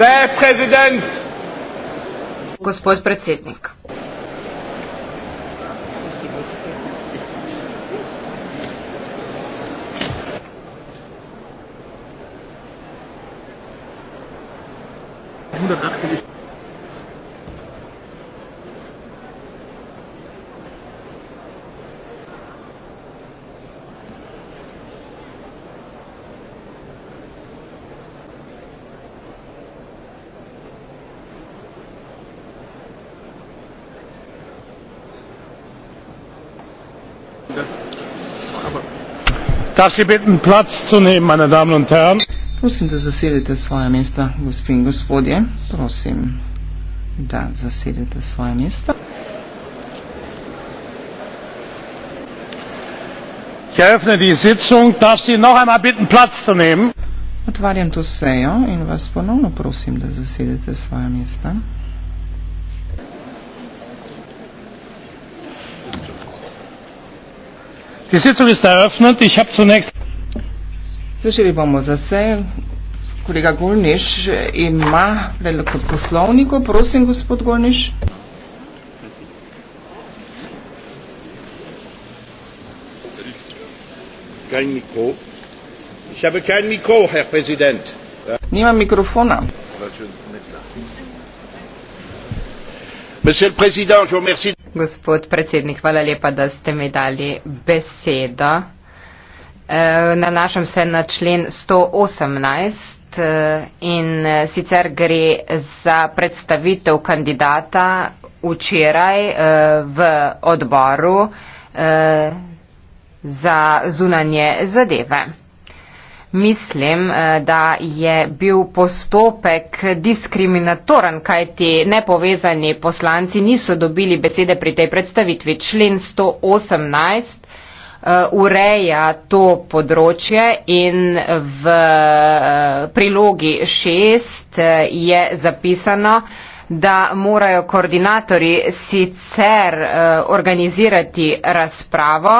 Der Präsident. Gospod predsednik. Hundertachtzig. Darf Sie bitten, Platz zu nehmen, meine Damen und Herren? Prosim, da zasedete svoje mesta, gospod in gospodje. Prosim, da zasedete svoje mesta. Ich eröffne die Sitzung. Darf Sie noch einmal bitten, Platz zu nehmen? Otvarjam to sejo in vas ponovno prosim, da zasedete svoje mesta. Die Sitzung ist eröffnet. Ich habe zunächst. Slišali bomo zase, kolega Gorniš ima veliko poslovniko. Prosim, gospod Gorniš. Nima mikrofona. Monsieur le Président, je vous remercie. Gospod predsednik, hvala lepa, da ste mi dali besedo. E, nanašam se na člen 118 e, in e, sicer gre za predstavitev kandidata včeraj e, v odboru za zunanje zadeve mislim, eh, da je bil postopek diskriminatoren, kajti nepovezani poslanci niso dobili besede pri tej predstavitvi. Člen 118 eh, ureja to področje in v eh, prilogi 6 je zapisano, da morajo koordinatori sicer organizirati razpravo,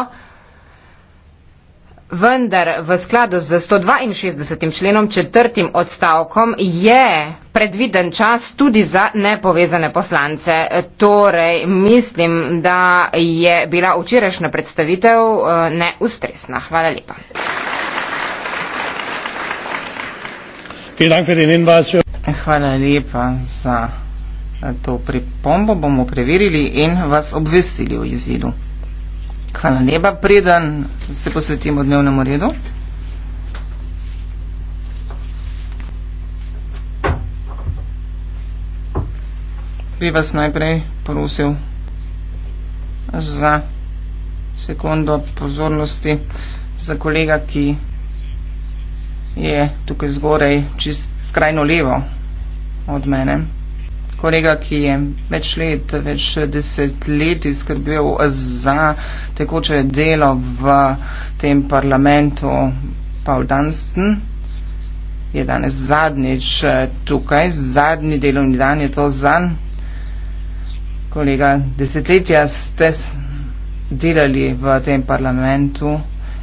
vendar v skladu z 162. členom četrtim odstavkom je predviden čas tudi za nepovezane poslance. Torej, mislim, da je bila včerajšnja predstavitev eh, neustresna. Hvala lepa. Hvala lepa za to pripombo. Bomo preverili in vas obvestili o izidu. Hvala lepa. Preden se posvetimo dnevnemu redu. Bi vas najprej prosil za sekundo pozornosti za kolega, ki je tukaj zgorej, čist skrajno levo od mene kolega, ki je več let, več desetletij skrbel za tekoče delo v tem parlamentu, Paul Dunstan, je danes zadnjič eh, tukaj, zadnji delovni dan je to zanj. Kolega, desetletja ste delali v tem parlamentu.